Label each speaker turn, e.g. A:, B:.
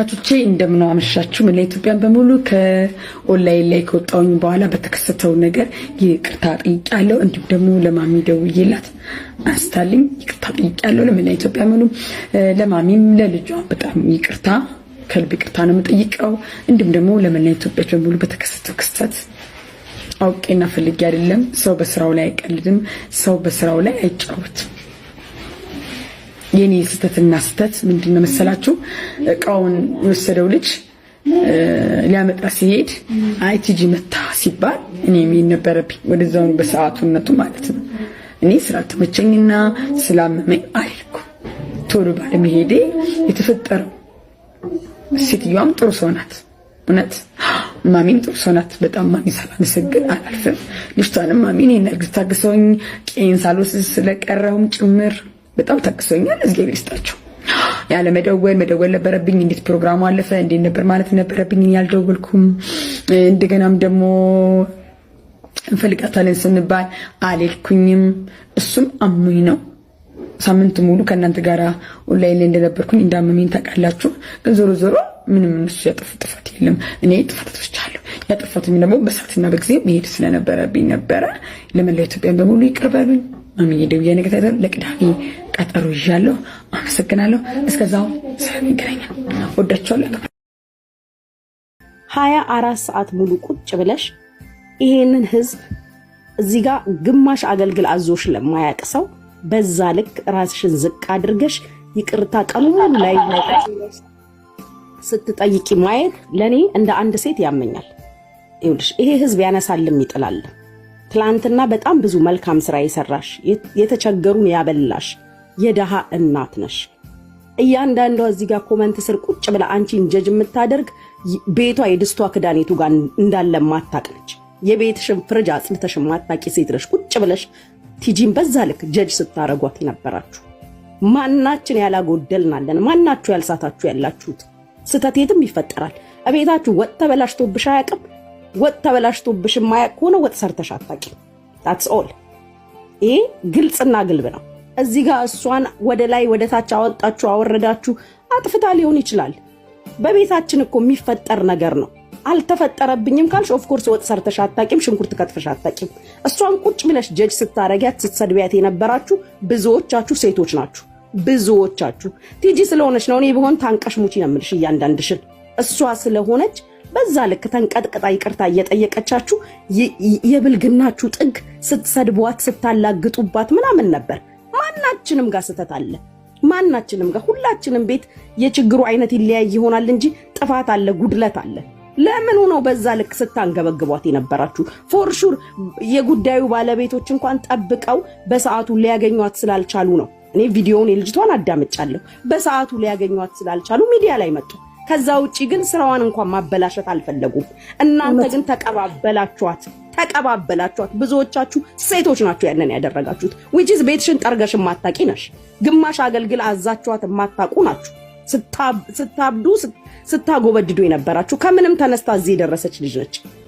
A: ተመልካቾቼ እንደምን አመሻችሁ። መላ ኢትዮጵያን በሙሉ ከኦንላይን ላይ ከወጣውኝ በኋላ በተከሰተው ነገር ይቅርታ ጠይቄያለሁ። እንዲሁም ደግሞ ለማሚ ደውዬላት አንስታልኝ ይቅርታ ጠይቄያለሁ። ለመላ ኢትዮጵያ ሙሉ ለማሚም ለልጇ በጣም ይቅርታ ከልብ ይቅርታ ነው የምጠይቀው። እንዲሁም ደግሞ ለመላ ኢትዮጵያ በሙሉ በተከሰተው ክስተት አውቄና ፈልጌ አይደለም። ሰው በስራው ላይ አይቀልድም። ሰው በስራው ላይ አይጫወትም። የኔ ስህተትና ስህተት ምንድን ነው መሰላችሁ? እቃውን የወሰደው ልጅ ሊያመጣ ሲሄድ አይቲጂ መታ ሲባል እኔ የሚል ነበረብኝ ወደዛውን በሰዓቱነቱ ማለት ነው። እኔ ስራ ተመቸኝና ስላመመኝ አልኩ። ቶሎ ባለመሄዴ የተፈጠረው ሴትዮዋም ጥሩ ሰው ናት። እውነት ማሚን ጥሩ ሰው ናት። በጣም ማሚ ሳላመሰግን አላልፍም። ልጅቷንም ማሚን ይህን እርግዝ ታግሰውኝ ቄን ሳልወስድ ስለቀረውም ጭምር በጣም ታቅሶኛል። እዝጌብ ይስጣቸው። ያለ መደወል መደወል ነበረብኝ። እንዴት ፕሮግራሙ አለፈ እንዴት ነበር ማለት ነበረብኝ። ያልደወልኩም እንደገናም ደግሞ እንፈልጋታለን ስንባል አልሄድኩኝም። እሱም አሙኝ ነው። ሳምንት ሙሉ ከእናንተ ጋር ኦንላይን ላይ እንደነበርኩኝ እንዳመመኝ ታውቃላችሁ። ግን ዞሮ ዞሮ ምንም እነሱ ያጠፉ ጥፋት የለም። እኔ ጥፋት አጥፍቻለሁ። ያጠፋትም ደግሞ በሰዓትና በጊዜ መሄድ ስለነበረብኝ ነበረ። ለመላው ኢትዮጵያን በሙሉ ይቅር በሉኝ። ማሚዬ ደውዬ ነገ ለቅዳሜ ቀጠሮ ይዣለሁ። አመሰግናለሁ። እስከዛው ስለሚገናኛል ወዳቸዋለሁ። ሀያ አራት ሰዓት ሙሉ ቁጭ ብለሽ ይሄንን ህዝብ እዚህ ጋር ግማሽ አገልግል አዞሽ ለማያቅ ሰው በዛ ልክ ራስሽን ዝቅ አድርገሽ ይቅርታ ቀኑን ላይ ስትጠይቂ ማየት ለእኔ እንደ አንድ ሴት ያመኛል። ይኸውልሽ ይሄ ህዝብ ያነሳልም ይጥላል። ትላንትና በጣም ብዙ መልካም ስራ የሰራሽ፣ የተቸገሩን ያበላሽ የደሃ እናት ነሽ። እያንዳንዷ እዚህ ጋር ኮመንት ስር ቁጭ ብላ አንቺን ጀጅ የምታደርግ ቤቷ የድስቷ ክዳኔቱ ጋር እንዳለ ማታቅ ነች። የቤትሽን ፍርጅ አጽድተሽ ማታቂ ሴት ነሽ። ቁጭ ብለሽ ቲጂን በዛ ልክ ጀጅ ስታረጓት ነበራችሁ። ማናችን ያላጎደልናለን? ማናችሁ ያልሳታችሁ ያላችሁት? ስህተት የትም ይፈጠራል። እቤታችሁ ወጥ ተበላሽቶብሽ አያውቅም። ወጥ ተበላሽቶብሽ የማያውቅ ከሆነ ወጥ ሰርተሽ አታቂ። ታትስ ኦል። ይሄ ግልጽና ግልብ ነው። እዚህ ጋር እሷን ወደ ላይ ወደ ታች አወጣችሁ አወረዳችሁ። አጥፍታ ሊሆን ይችላል። በቤታችን እኮ የሚፈጠር ነገር ነው። አልተፈጠረብኝም ካልሽ ኦፍኮርስ ወጥ ሰርተሽ አታቂም፣ ሽንኩርት ከትፈሽ አታቂም። እሷን ቁጭ ብለሽ ጀጅ ስታረጊያት ስትሰድቢያት የነበራችሁ ብዙዎቻችሁ ሴቶች ናችሁ። ብዙዎቻችሁ ቲጂ ስለሆነች ነው እኔ በሆን ታንቀሽ ሙቺ ነው የምልሽ እያንዳንድሽን እሷ ስለሆነች በዛ ልክ ተንቀጥቅጣ ይቅርታ እየጠየቀቻችሁ የብልግናችሁ ጥግ ስትሰድቧት፣ ስታላግጡባት ምናምን ነበር። ማናችንም ጋር ስህተት አለ። ማናችንም ጋር ሁላችንም ቤት የችግሩ አይነት ይለያይ ይሆናል እንጂ ጥፋት አለ፣ ጉድለት አለ። ለምኑ ነው በዛ ልክ ስታንገበግቧት የነበራችሁ? ፎርሹር የጉዳዩ ባለቤቶች እንኳን ጠብቀው በሰዓቱ ሊያገኟት ስላልቻሉ ነው። እኔ ቪዲዮውን የልጅቷን አዳምጫለሁ። በሰዓቱ ሊያገኟት ስላልቻሉ ሚዲያ ላይ መጡ። ከዛ ውጭ ግን ስራዋን እንኳን ማበላሸት አልፈለጉም። እናንተ ግን ተቀባበላችኋት ተቀባበላችኋት። ብዙዎቻችሁ ሴቶች ናቸው ያንን ያደረጋችሁት። ዊችዝ ቤትሽን ጠርገሽ ማታቂ ነሽ፣ ግማሽ አገልግል አዛችኋት የማታቁ ናችሁ። ስታብዱ ስታጎበድዱ የነበራችሁ ከምንም ተነስታ እዚህ የደረሰች ልጅ ነች።